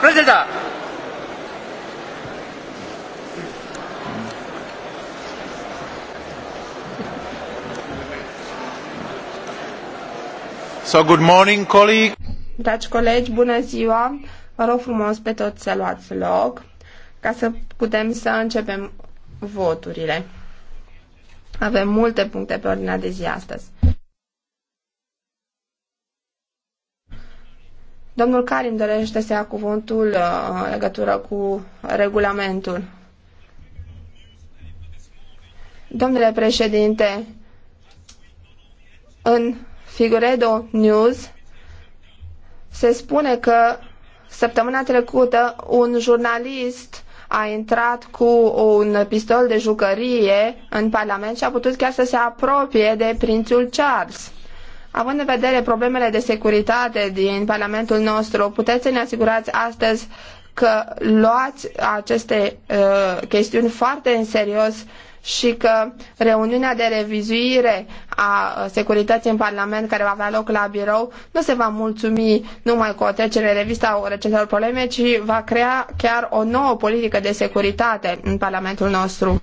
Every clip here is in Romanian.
prezeda! So, good morning, colleague. Dragi colegi, bună ziua! Vă rog frumos pe toți să luați loc ca să putem să începem voturile. Avem multe puncte pe ordinea de zi astăzi. Domnul Karim dorește să ia cuvântul uh, în legătură cu regulamentul. Domnule președinte, în Figuredo News se spune că săptămâna trecută un jurnalist a intrat cu un pistol de jucărie în Parlament și a putut chiar să se apropie de prințul Charles. Având în vedere problemele de securitate din Parlamentul nostru, puteți să ne asigurați astăzi că luați aceste uh, chestiuni foarte în serios și că reuniunea de revizuire a securității în Parlament care va avea loc la birou nu se va mulțumi numai cu o trecere revista recentelor probleme, ci va crea chiar o nouă politică de securitate în Parlamentul nostru.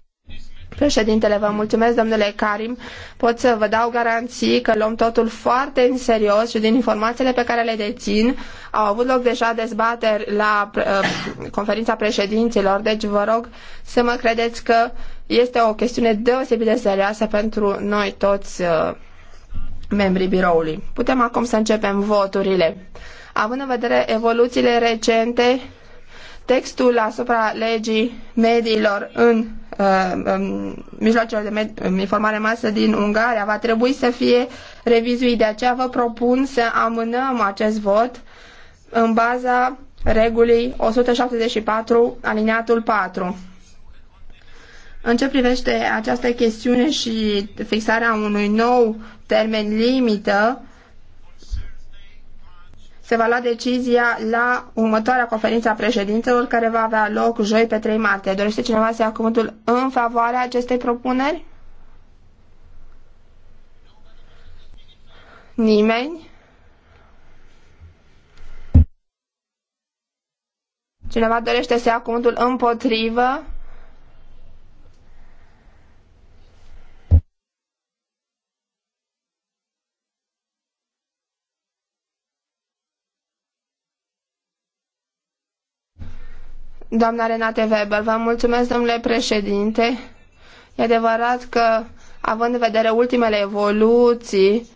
Președintele, vă mulțumesc, domnule Karim. Pot să vă dau garanții că luăm totul foarte în serios și din informațiile pe care le dețin au avut loc deja dezbateri la uh, conferința președinților, deci vă rog să mă credeți că este o chestiune deosebit de serioasă pentru noi toți uh, membrii biroului. Putem acum să începem voturile. Având în vedere evoluțiile recente, textul asupra legii mediilor în, uh, în mijloacele de med, în informare masă din Ungaria va trebui să fie revizuit. De aceea vă propun să amânăm acest vot în baza regulii 174 aliniatul 4. În ce privește această chestiune și fixarea unui nou termen limită, se va lua decizia la următoarea conferință a președinților care va avea loc joi pe 3 martie. Dorește cineva să ia cuvântul în favoarea acestei propuneri? Nimeni? Cineva dorește să ia cuvântul împotrivă? Doamna Renate Weber, vă mulțumesc, domnule președinte. E adevărat că, având în vedere ultimele evoluții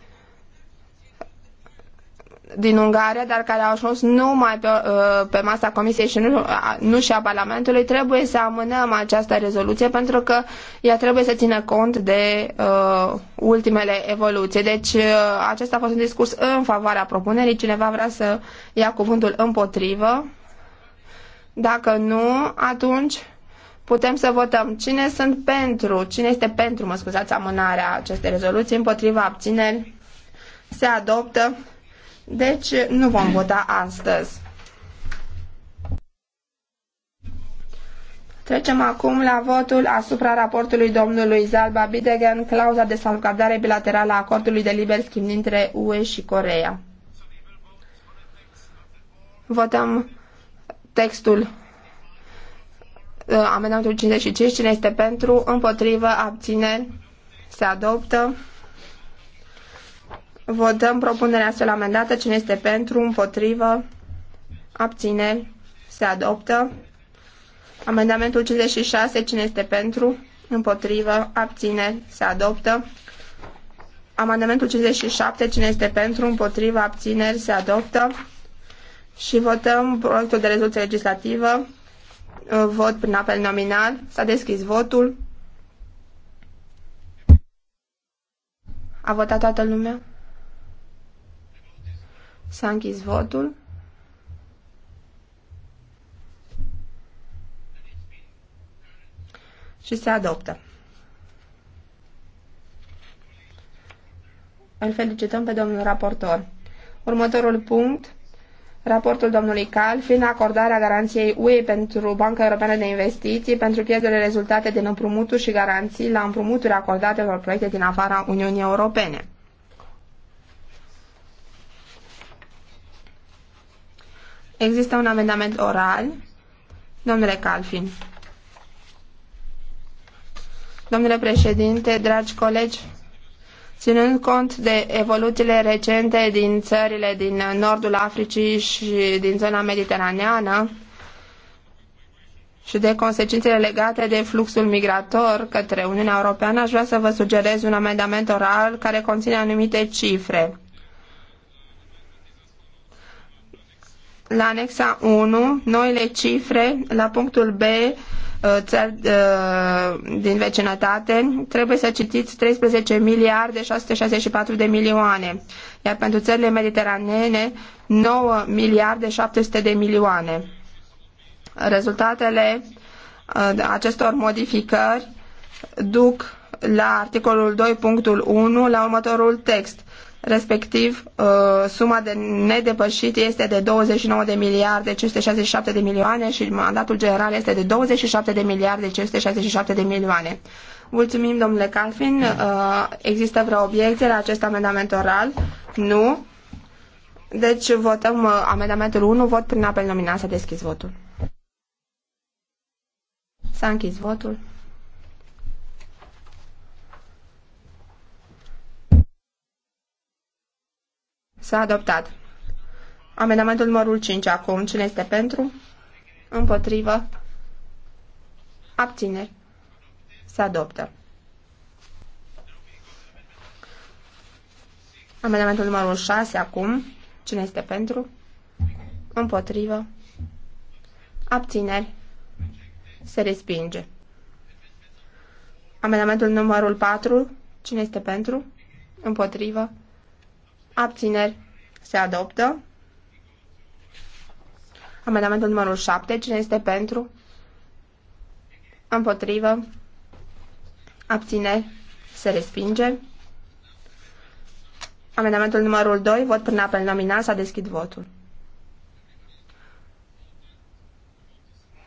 din Ungaria, dar care au ajuns numai pe, uh, pe masa Comisiei și nu, nu și a Parlamentului, trebuie să amânăm această rezoluție pentru că ea trebuie să țină cont de uh, ultimele evoluții. Deci uh, acesta a fost un discurs în favoarea propunerii. Cineva vrea să ia cuvântul împotrivă? Dacă nu, atunci putem să votăm cine sunt pentru, cine este pentru, mă scuzați, amânarea acestei rezoluții, împotriva abțineri, se adoptă. Deci nu vom vota astăzi. Trecem acum la votul asupra raportului domnului Zalba Bidegan, clauza de salvgardare bilaterală a acordului de liber schimb dintre UE și Coreea. Votăm textul uh, amendamentul 55, cine este pentru, împotrivă, abțineri, se adoptă. Votăm propunerea astfel amendată, cine este pentru, împotrivă, abțineri, se adoptă. Amendamentul 56, cine este pentru, împotrivă, abțineri, se adoptă. Amendamentul 57, cine este pentru, împotrivă, abțineri, se adoptă și votăm proiectul de rezoluție legislativă. Uh, vot prin apel nominal. S-a deschis votul. A votat toată lumea? S-a închis votul. Și se adoptă. Îl felicităm pe domnul raportor. Următorul punct raportul domnului Calfin, acordarea garanției UE pentru Banca Europeană de Investiții pentru pierderile rezultate din împrumuturi și garanții la împrumuturi acordate unor proiecte din afara Uniunii Europene. Există un amendament oral. Domnule Calfin. Domnule președinte, dragi colegi, Ținând cont de evoluțiile recente din țările din nordul Africii și din zona mediteraneană și de consecințele legate de fluxul migrator către Uniunea Europeană, aș vrea să vă sugerez un amendament oral care conține anumite cifre. La anexa 1, noile cifre, la punctul B, Uh, țări uh, din vecinătate, trebuie să citiți 13 miliarde 664 de milioane, iar pentru țările mediteranene 9 miliarde 700 de milioane. Rezultatele uh, acestor modificări duc la articolul 2.1 la următorul text respectiv uh, suma de nedepășit este de 29 de miliarde 567 de milioane și mandatul general este de 27 de miliarde 567 de milioane. Mulțumim, domnule Calfin. Uh, există vreo obiecție la acest amendament oral? Nu. Deci votăm uh, amendamentul 1, vot prin apel nominal, s-a deschis votul. S-a închis votul. S-a adoptat. Amendamentul numărul 5 acum. Cine este pentru? Împotrivă. Abțineri. Se adoptă. Amendamentul numărul 6 acum. Cine este pentru? Împotrivă. Abțineri. Se respinge. Amendamentul numărul 4. Cine este pentru? Împotrivă. Abțineri. Se adoptă. Amendamentul numărul 7. Cine este pentru? Împotrivă. Abțineri. Se respinge. Amendamentul numărul 2. Vot prin apel nominal. S-a deschid votul.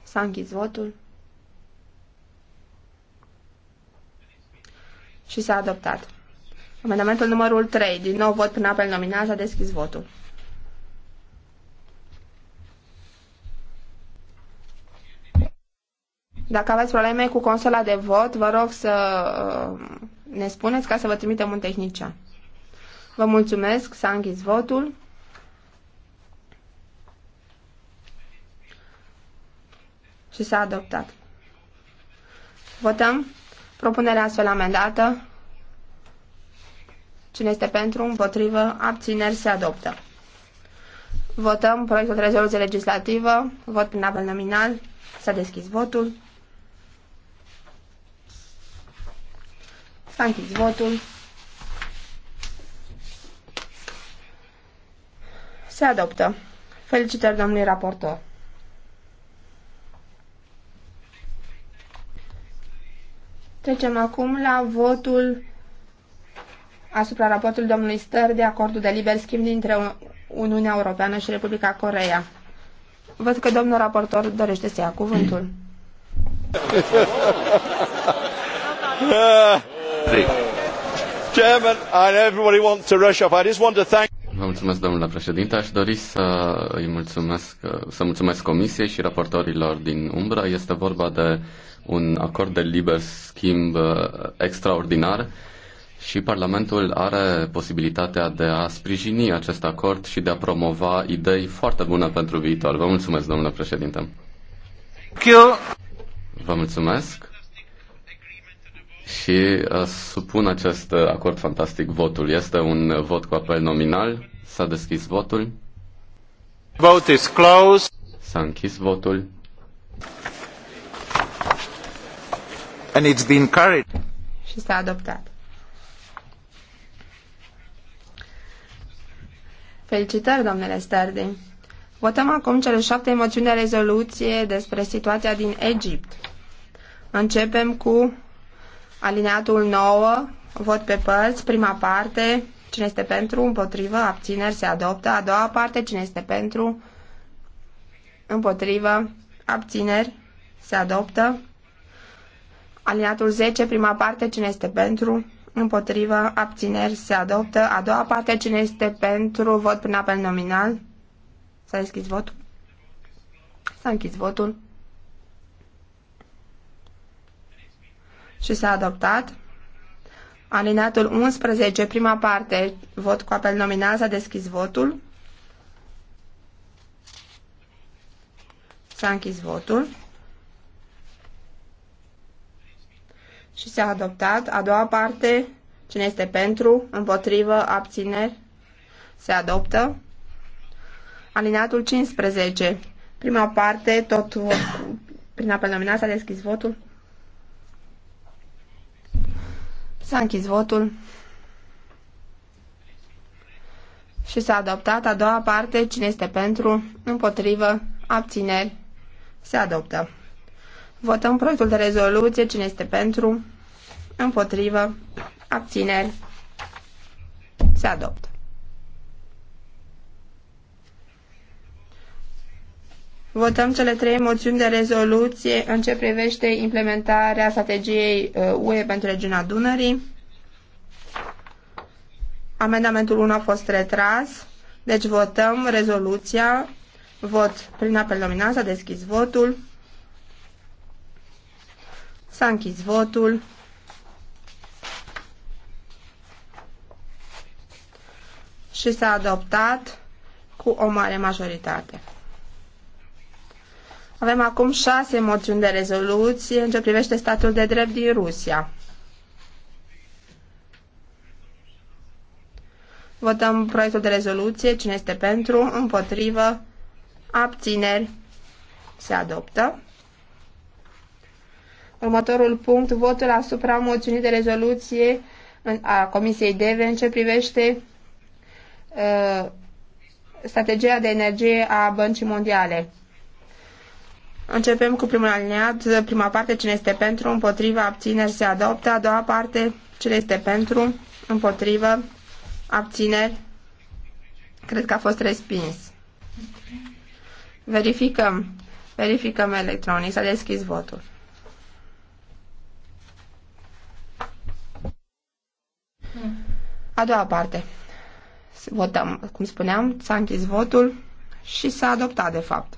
S-a închis votul. Și s-a adoptat. Amendamentul numărul 3. Din nou vot prin apel nominal. S-a deschis votul. Dacă aveți probleme cu consola de vot, vă rog să uh, ne spuneți ca să vă trimitem un tehnician. Vă mulțumesc, s-a închis votul. Și s-a adoptat. Votăm propunerea astfel amendată. Cine este pentru, împotrivă, abțineri, se adoptă. Votăm proiectul de rezoluție legislativă. Vot prin apel nominal. S-a deschis votul. S-a închis votul. Se adoptă. Felicitări domnului raportor. Trecem acum la votul asupra raportului domnului Stăr de acordul de liber schimb dintre Uniunea Europeană și Republica Coreea. Văd că domnul raportor dorește să ia cuvântul. Chairman, and everybody wants to rush off. I just want to thank Vă mulțumesc, domnule președinte. Aș dori să îi mulțumesc, să mulțumesc comisiei și raportorilor din umbră. Este vorba de un acord de liber schimb uh, extraordinar și Parlamentul are posibilitatea de a sprijini acest acord și de a promova idei foarte bune pentru viitor. Vă mulțumesc, domnule președinte. Vă mulțumesc și uh, supun acest uh, acord fantastic votul. Este un vot cu apel nominal. S-a deschis votul. Vote is closed. S-a închis votul. And it's been carried. Și s-a adoptat. Felicitări, domnule Sterdi. Votăm acum cele șapte moțiuni de rezoluție despre situația din Egipt. Începem cu alineatul 9, vot pe părți, prima parte, cine este pentru, împotrivă, abțineri, se adoptă, a doua parte, cine este pentru, împotrivă, abțineri, se adoptă, alineatul 10, prima parte, cine este pentru, Împotrivă. abțineri, se adoptă. A doua parte, cine este pentru, vot prin apel nominal? S-a deschis votul? S-a închis votul. Și s-a adoptat. Alinatul 11, prima parte, vot cu apel nominal, s-a deschis votul. S-a închis votul. și s-a adoptat. A doua parte, cine este pentru, împotrivă, abțineri, se adoptă. Alineatul 15, prima parte, tot prin apel nominal s-a deschis votul. S-a închis votul și s-a adoptat a doua parte, cine este pentru, împotrivă, abțineri, se adoptă. Votăm proiectul de rezoluție. Cine este pentru? Împotrivă? Abțineri? Se adoptă. Votăm cele trei moțiuni de rezoluție în ce privește implementarea strategiei uh, UE pentru regiunea Dunării. Amendamentul 1 a fost retras, deci votăm rezoluția, vot prin apel nominal, s-a deschis votul. S-a închis votul. Și s-a adoptat cu o mare majoritate. Avem acum șase moțiuni de rezoluție în ce privește statul de drept din Rusia. Votăm proiectul de rezoluție. Cine este pentru? Împotrivă? Abțineri? Se adoptă. Următorul punct, votul asupra moțiunii de rezoluție a Comisiei DEVE în ce privește uh, strategia de energie a Băncii Mondiale. Începem cu primul alineat, prima parte, cine este pentru, împotriva, abțineri, se adoptă. A doua parte, cine este pentru, împotrivă, abțineri, cred că a fost respins. Verificăm, verificăm electronic, s-a deschis votul. A doua parte. Votăm, cum spuneam, s-a închis votul și s-a adoptat, de fapt.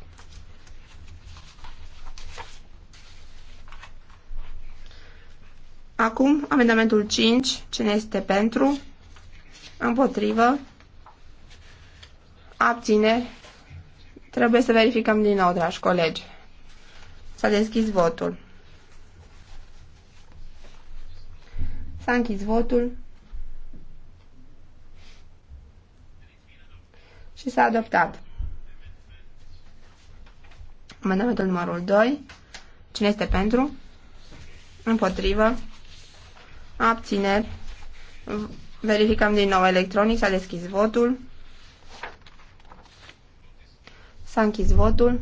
Acum, amendamentul 5. Cine este pentru? Împotrivă? Abțineri? Trebuie să verificăm din nou, dragi colegi. S-a deschis votul. S-a închis votul. și s-a adoptat. Amendamentul numărul 2. Cine este pentru? Împotrivă. Abțineri. Verificăm din nou electronic. S-a deschis votul. S-a închis votul.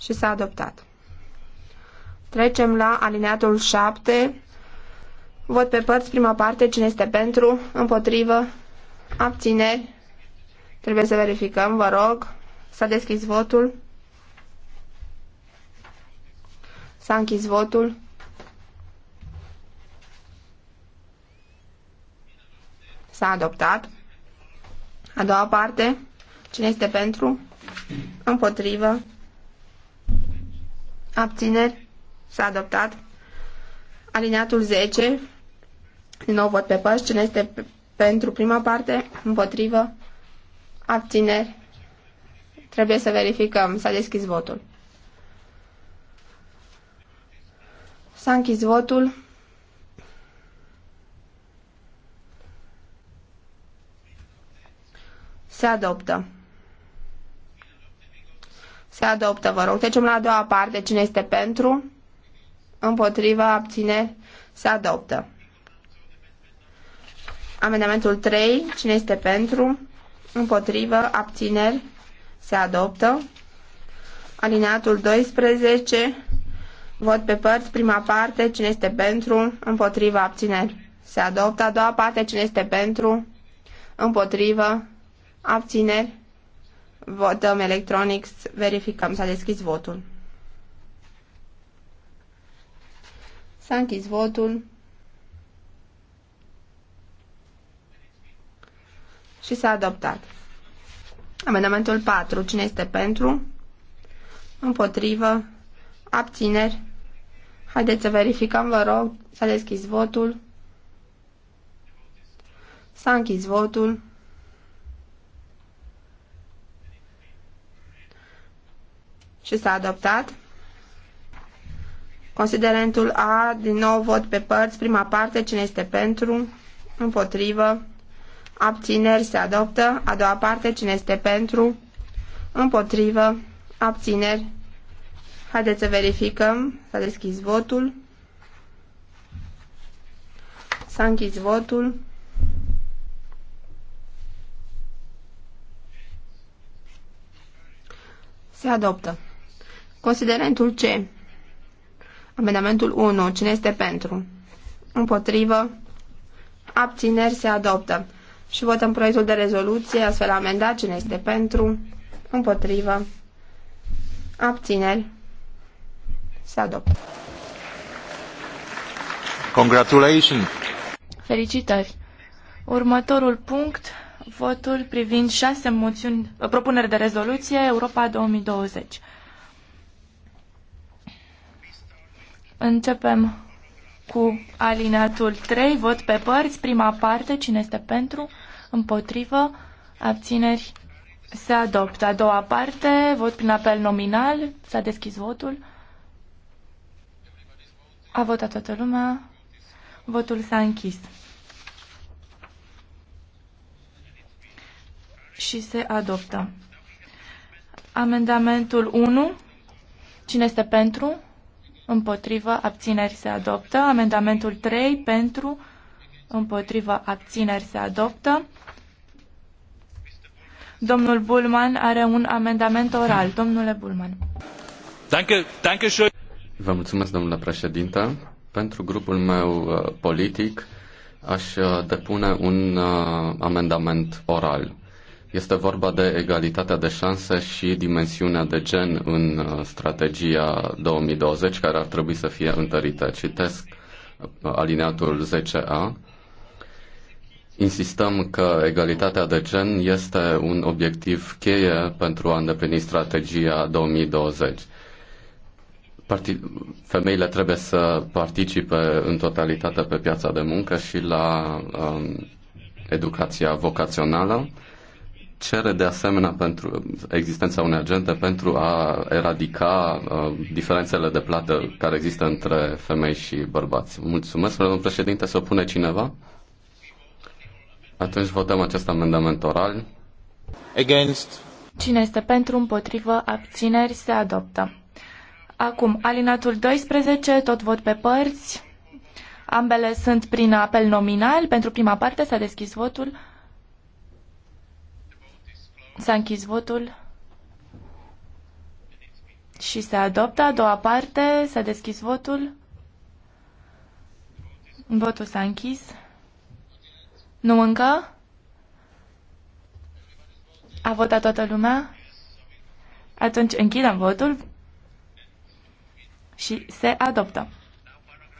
Și s-a adoptat. Trecem la alineatul 7 Vot pe părți, prima parte, cine este pentru, împotrivă, abțineri. Trebuie să verificăm, vă rog. S-a deschis votul. S-a închis votul. S-a adoptat. A doua parte. Cine este pentru? Împotrivă. Abțineri. S-a adoptat. Alineatul 10. Din nou vot pe păși, Cine este pentru prima parte? Împotrivă? Abțineri? Trebuie să verificăm. S-a deschis votul. S-a închis votul. Se adoptă. Se adoptă, vă rog. Trecem la a doua parte. Cine este pentru? Împotriva, abține, Se adoptă. Amendamentul 3. Cine este pentru? Împotrivă. Abțineri. Se adoptă. Alineatul 12. Vot pe părți. Prima parte. Cine este pentru? Împotrivă. Abțineri. Se adoptă. A doua parte. Cine este pentru? Împotrivă. Abțineri. Votăm electronic. Verificăm. S-a deschis votul. S-a închis votul. și s-a adoptat. Amendamentul 4. Cine este pentru? Împotrivă? Abțineri? Haideți să verificăm, vă rog. S-a deschis votul. S-a închis votul. Și s-a adoptat. Considerentul A, din nou vot pe părți, prima parte, cine este pentru, împotrivă, abțineri se adoptă, a doua parte cine este pentru, împotrivă, abțineri. Haideți să verificăm, s-a deschis votul, s-a închis votul. Se adoptă. Considerentul C. Amendamentul 1. Cine este pentru? Împotrivă. Abțineri se adoptă și votăm proiectul de rezoluție astfel amendat. Cine este pentru? Împotrivă? Abțineri? Se adoptă. Congratulations! Felicitări! Următorul punct, votul privind șase moțiuni, propuneri de rezoluție Europa 2020. Începem cu alineatul 3, vot pe părți, prima parte, cine este pentru, împotrivă, abțineri, se adoptă. A doua parte, vot prin apel nominal, s-a deschis votul. A votat toată lumea, votul s-a închis. Și se adoptă. Amendamentul 1, cine este pentru, împotrivă, abțineri se adoptă. Amendamentul 3 pentru, împotrivă, abțineri se adoptă. Domnul Bulman are un amendament oral. Domnule Bulman. Vă mulțumesc, domnule președinte. Pentru grupul meu uh, politic aș uh, depune un uh, amendament oral este vorba de egalitatea de șanse și dimensiunea de gen în uh, strategia 2020, care ar trebui să fie întărită. Citesc uh, alineatul 10a. Insistăm că egalitatea de gen este un obiectiv cheie pentru a îndeplini strategia 2020 femeile trebuie să participe în totalitate pe piața de muncă și la um, educația vocațională cere de asemenea pentru existența unei agente pentru a eradica uh, diferențele de plată care există între femei și bărbați. Mulțumesc, domnul președinte, să opune cineva? Atunci votăm acest amendament oral. Against. Cine este pentru, împotrivă, abțineri, se adoptă. Acum, alinatul 12, tot vot pe părți. Ambele sunt prin apel nominal. Pentru prima parte s-a deschis votul. S-a închis votul. Și se adoptă a doua parte. S-a deschis votul. Votul s-a închis. Nu încă? A votat toată lumea? Atunci închidem votul și se adoptă.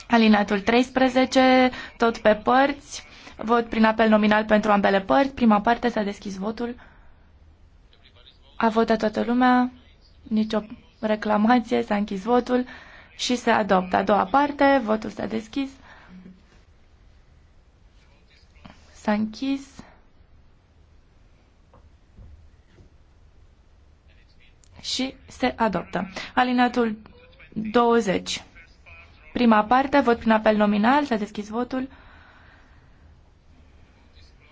Alinatul 13, tot pe părți, vot prin apel nominal pentru ambele părți. Prima parte s-a deschis votul. A votat toată lumea, nicio reclamație, s-a închis votul și se adoptă. A doua parte, votul s-a deschis. S-a închis. Și se adoptă. Alinatul 20. Prima parte, vot prin apel nominal, s-a deschis votul.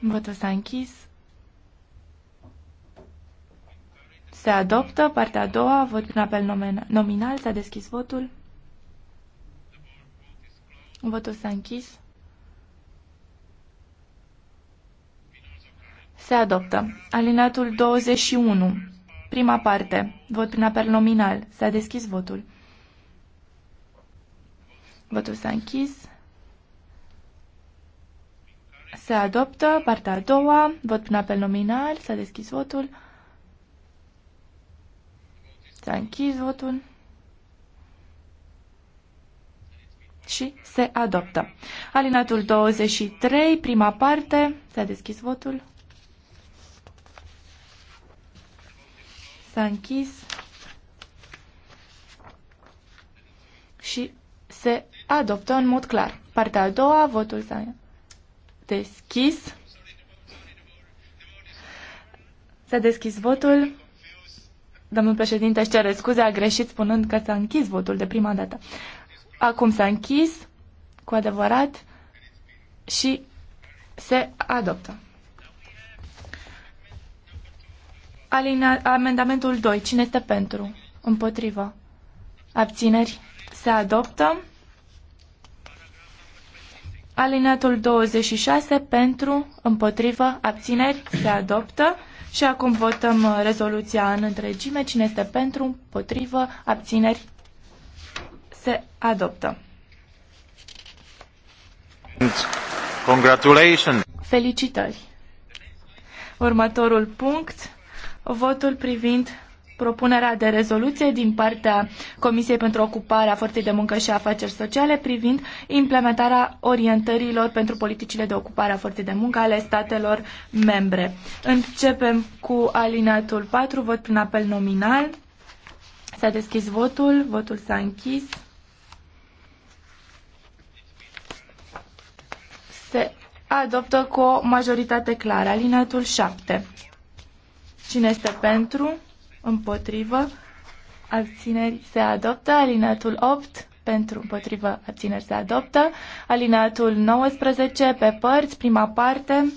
Votul s-a închis. Se adoptă. Partea a doua, vot prin apel nominal. S-a deschis votul. Votul s-a închis. Se adoptă. Alineatul 21. Prima parte. Vot prin apel nominal. S-a deschis votul. Votul s-a închis. Se adoptă. Partea a doua. Vot prin apel nominal. S-a deschis votul. S-a închis votul. Și se adoptă. Alinatul 23, prima parte. S-a deschis votul. S-a închis. Și se adoptă în mod clar. Partea a doua, votul s-a deschis. S-a deschis votul. Domnul președinte își cere scuze, a greșit spunând că s-a închis votul de prima dată. Acum s-a închis, cu adevărat, și se adoptă. Alina, amendamentul 2. Cine este pentru? Împotrivă. Abțineri. Se adoptă. Alineatul 26 pentru, împotrivă, abțineri, se adoptă. Și acum votăm uh, rezoluția în întregime. Cine este pentru, potrivă, abțineri, se adoptă. Congratulations! Felicitări! Următorul punct, votul privind propunerea de rezoluție din partea Comisiei pentru Ocuparea Forței de Muncă și Afaceri Sociale privind implementarea orientărilor pentru politicile de ocupare a forței de muncă ale statelor membre. Începem cu alineatul 4, vot prin apel nominal. S-a deschis votul, votul s-a închis. Se adoptă cu o majoritate clară. Alineatul 7. Cine este pentru? împotrivă, abțineri se adoptă, alineatul 8 pentru împotrivă, abțineri se adoptă, alineatul 19 pe părți, prima parte,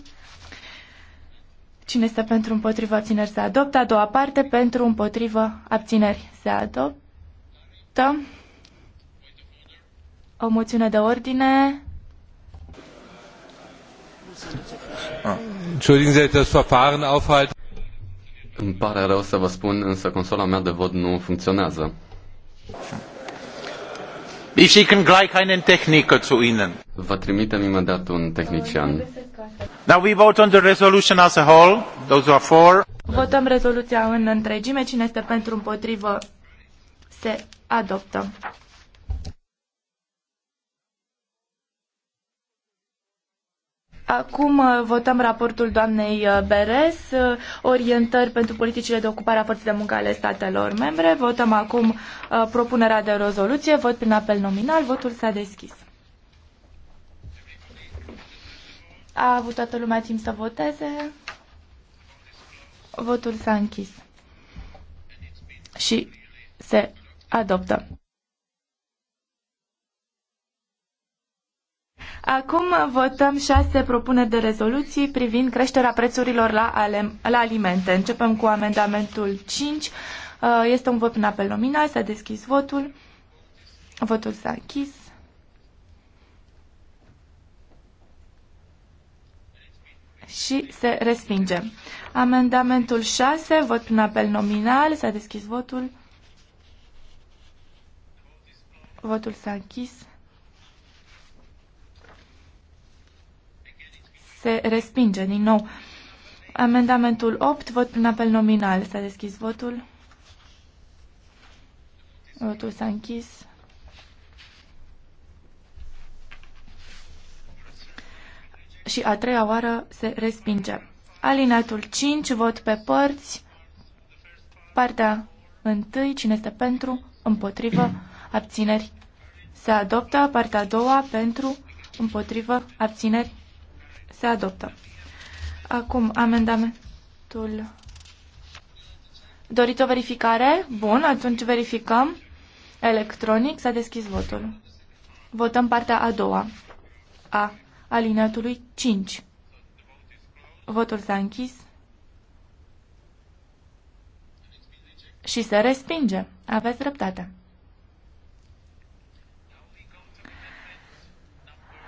cine este pentru împotrivă, abțineri se adoptă, a doua parte pentru împotrivă, abțineri se adoptă, o moțiune de ordine. Ah. Entschuldigen Sie, das Verfahren aufhalten. Îmi pare rău să vă spun, însă consola mea de vot nu funcționează. Ich schicke gleich einen Techniker zu Ihnen. Vă trimitem imediat un tehnician. Now we vote on the resolution as a whole. Those are four. Votăm rezoluția în întregime. Cine este pentru împotrivă se adoptă. Acum uh, votăm raportul doamnei uh, Beres, uh, orientări pentru politicile de ocupare a forței de muncă ale statelor membre. Votăm acum propunerea de rezoluție, vot prin apel nominal, votul s-a deschis. A avut toată lumea timp să voteze. Votul s-a închis. Și se adoptă. Acum votăm șase propuneri de rezoluții privind creșterea prețurilor la, ale, la alimente. Începem cu amendamentul 5. Uh, este un vot în apel nominal. S-a deschis votul. Votul s-a închis. Și se respinge. Amendamentul 6, vot prin apel nominal. S-a deschis votul. Votul s-a închis. se respinge din nou. Amendamentul 8, vot prin apel nominal. S-a deschis votul. Votul s-a închis. Și a treia oară se respinge. Alinatul 5, vot pe părți. Partea 1, cine este pentru, împotrivă, abțineri. Se adoptă partea a doua pentru, împotrivă, abțineri, se adoptă. Acum, amendamentul. Doriți o verificare? Bun, atunci verificăm. Electronic s-a deschis votul. Votăm partea a doua a alineatului 5. Votul s-a închis și se respinge. Aveți dreptate.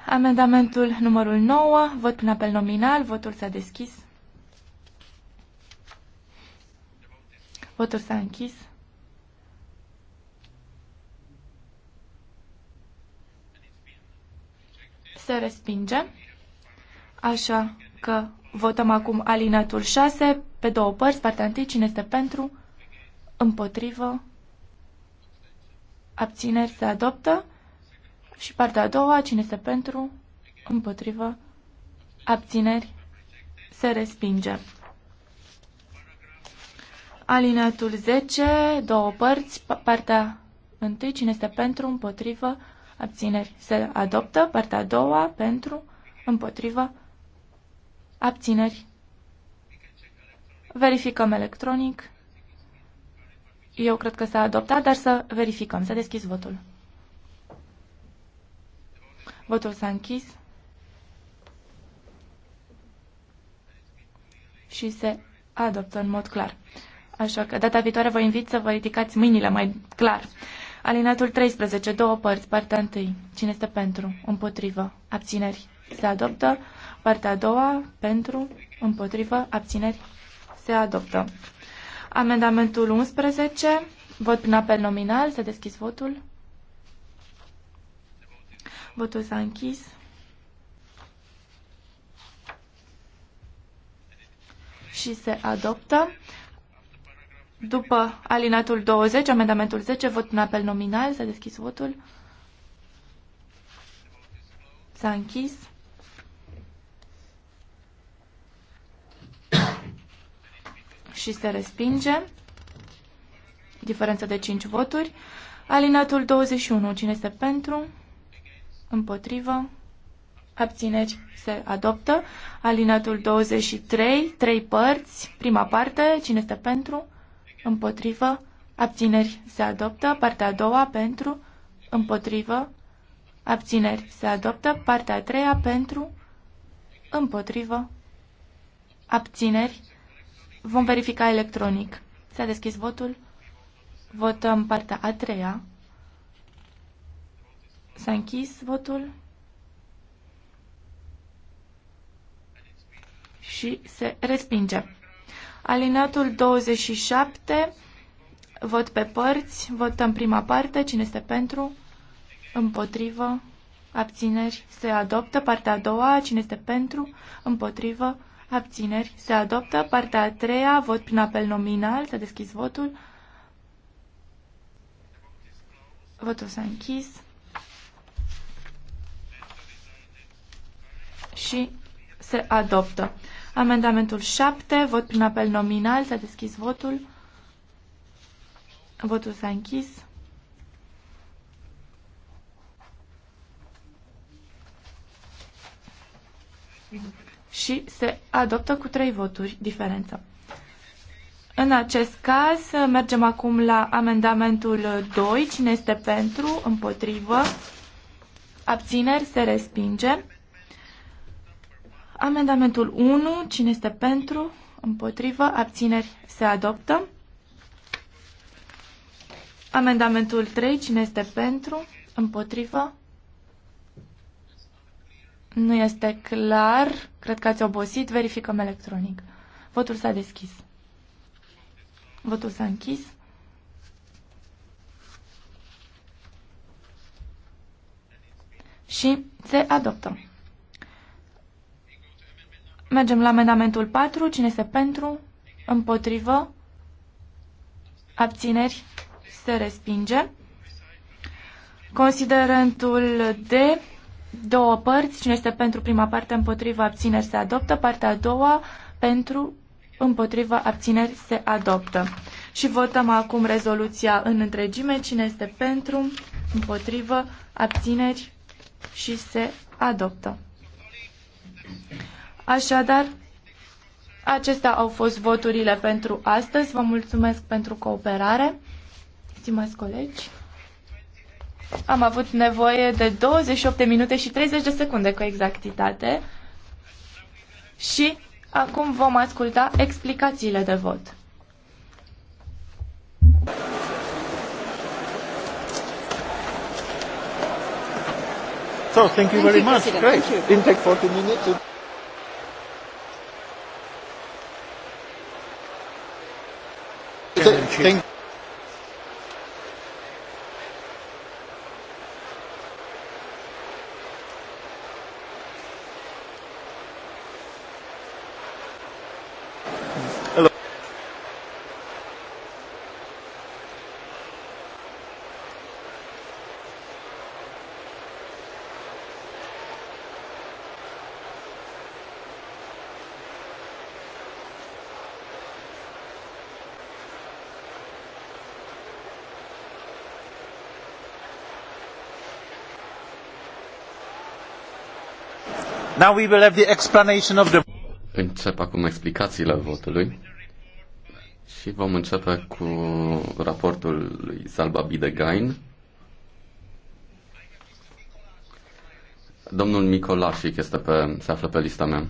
Amendamentul numărul 9, vot prin apel nominal, votul s-a deschis. Votul s-a închis. Se respinge. Așa că votăm acum alinatul 6 pe două părți, partea întâi, cine este pentru, împotrivă, abțineri se adoptă. Și partea a doua, cine este pentru, împotrivă, abțineri, se respinge. Alineatul 10, două părți, partea întâi, cine este pentru, împotrivă, abțineri, se adoptă, partea a doua, pentru, împotrivă, abțineri. Verificăm electronic. Eu cred că s-a adoptat, dar să verificăm, să deschis votul. Votul s-a închis și se adoptă în mod clar. Așa că data viitoare vă invit să vă ridicați mâinile mai clar. Alinatul 13, două părți, partea 1. Cine este pentru? Împotrivă. Abțineri. Se adoptă. Partea a doua, pentru, împotrivă, abțineri. Se adoptă. Amendamentul 11, vot prin apel nominal, se deschis votul. Votul s-a închis. Și se adoptă. După alinatul 20, amendamentul 10, vot în apel nominal. S-a deschis votul. S-a închis. și se respinge. Diferență de 5 voturi. Alinatul 21. Cine este pentru? împotrivă, abțineri se adoptă. Alinatul 23, trei părți, prima parte, cine este pentru, împotrivă, abțineri se adoptă. Partea a doua, pentru, împotrivă, abțineri se adoptă. Partea a treia, pentru, împotrivă, abțineri. Vom verifica electronic. S-a deschis votul. Votăm partea a treia. S-a închis votul și se respinge. Alinatul 27, vot pe părți, votăm prima parte, cine este pentru, împotrivă, abțineri, se adoptă. Partea a doua, cine este pentru, împotrivă, abțineri, se adoptă. Partea a treia, vot prin apel nominal, s-a deschis votul. Votul s-a închis și se adoptă. Amendamentul 7, vot prin apel nominal, s-a deschis votul. Votul s-a închis. Și se adoptă cu trei voturi diferență. În acest caz, mergem acum la amendamentul 2. Cine este pentru? Împotrivă? Abțineri? Se respinge. Amendamentul 1, cine este pentru, împotrivă, abțineri, se adoptă. Amendamentul 3, cine este pentru, împotrivă, nu este clar, cred că ați obosit, verificăm electronic. Votul s-a deschis. Votul s-a închis. Și se adoptă. Mergem la amendamentul 4. Cine este pentru? Împotrivă? Abțineri? Se respinge. Considerentul D. Două părți. Cine este pentru prima parte? Împotrivă? Abțineri? Se adoptă. Partea a doua? Pentru? Împotrivă? Abțineri? Se adoptă. Și votăm acum rezoluția în întregime. Cine este pentru? Împotrivă? Abțineri? Și se adoptă. Așadar, acestea au fost voturile pentru astăzi. Vă mulțumesc pentru cooperare, stimați colegi. Am avut nevoie de 28 de minute și 30 de secunde cu exactitate. Și acum vom asculta explicațiile de vot. So, thank you very much. Great. Didn't take 40 minutes. Thank you. Now we will have the explanation of the... Încep acum explicațiile votului și vom începe cu raportul lui Salba Bidegain. Domnul Micolașic este pe, se află pe lista mea.